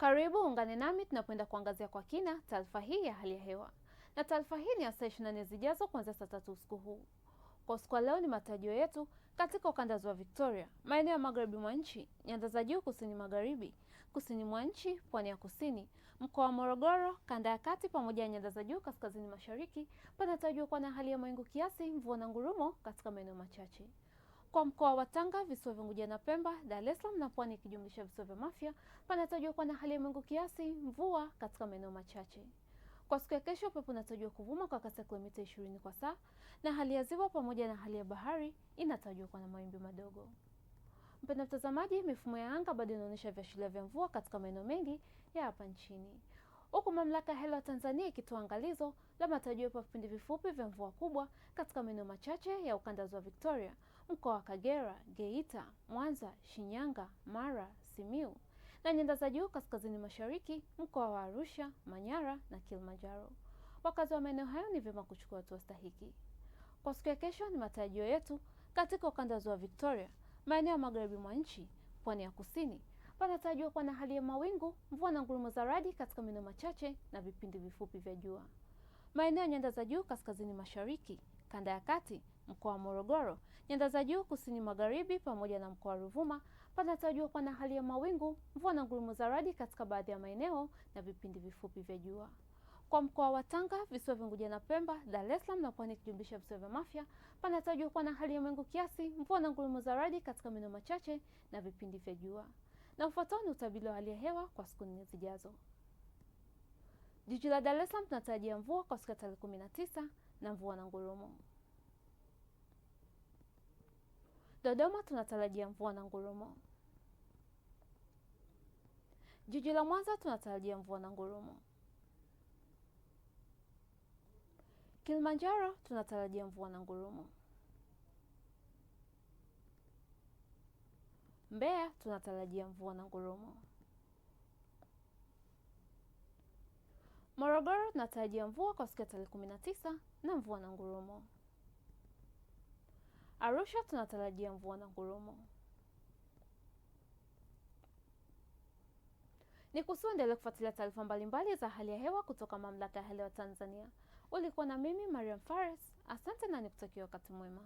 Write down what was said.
Karibu ungane nami tunapoenda kuangazia kwa kina taarifa hii ya hali ya hewa, na taarifa hii ni ya saa 24 zijazo kuanzia saa tatu usiku huu. Kwa usiku wa leo ni matarajio yetu katika ukanda wa Victoria, maeneo ya magharibi mwa nchi, nyanda za juu kusini magharibi, kusini mwa nchi, pwani ya kusini, mkoa wa Morogoro, kanda ya kati pamoja na nyanda za juu kaskazini mashariki, panatarajiwa kuwa na hali ya mawingu kiasi, mvua na ngurumo katika maeneo machache. Kwa mkoa wa Tanga, visiwa vya Unguja na Pemba, Dar es Salaam na Pwani ikijumlisha visiwa vya Mafia, panatajwa kuwa na hali ya mawingu kiasi, mvua katika maeneo machache. Kwa siku ya kesho, pepo inatarajiwa kuvuma kwa kasi ya kilomita 20 kwa saa, na hali ya ziwa pamoja na hali ya bahari inatajwa kuwa na mawimbi madogo. Mpendwa mtazamaji, mifumo ya anga bado inaonyesha viashiria vya mvua katika maeneo mengi ya hapa nchini, huku Mamlaka ya Hewa Tanzania ikitoa angalizo la matarajio ya vipindi vifupi vya mvua kubwa katika maeneo machache ya ukanda wa Victoria mkoa wa Kagera, Geita, Mwanza, Shinyanga, Mara, Simiu na nyanda za juu kaskazini mashariki mkoa wa Arusha, Manyara na Kilimanjaro. Wakazi wa maeneo hayo ni vyema kuchukua hatua stahiki. Kwa siku ya kesho, ni matarajio yetu katika ukanda wa Victoria, maeneo ya magharibi mwa nchi, pwani ya kusini panatarajiwa kuwa na hali ya mawingu, mvua na ngurumo za radi katika maeneo machache na vipindi vifupi vya jua. Maeneo ya nyanda za juu kaskazini mashariki, kanda ya kati Mkoa wa Morogoro, nyanda za juu kusini magharibi pamoja na mkoa wa Ruvuma panatajwa kuwa na hali ya mawingu, mvua na ngurumo za radi katika baadhi ya maeneo na vipindi vifupi vya jua. Kwa mkoa wa Tanga, visiwa vya Unguja na Pemba, Dar es Salaam na pwani ikijumlisha visiwa vya Mafia panatajwa kuwa na hali ya mawingu kiasi, mvua na ngurumo za radi katika maeneo machache na vipindi vya jua. Na ufuatao ni utabiri wa hali ya hewa kwa siku nne zijazo. Jiji la Dar es Salaam tunatarajia mvua kwa siku ya tarehe 19 na mvua na ngurumo. Dodoma tunatarajia mvua na ngurumo. Jiji la Mwanza tunatarajia mvua na ngurumo. Kilimanjaro tunatarajia mvua na ngurumo. Mbeya tunatarajia mvua na ngurumo. Morogoro tunatarajia mvua kwa ya tarehe 19 na mvua na ngurumo. Arusha tunatarajia mvua na ngurumo. Ni endelee kufuatilia taarifa mbalimbali za hali ya hewa kutoka Mamlaka ya hali Hewa Tanzania. Ulikuwa na mimi Mariam Fares, asante na nikutakia wakati mwema.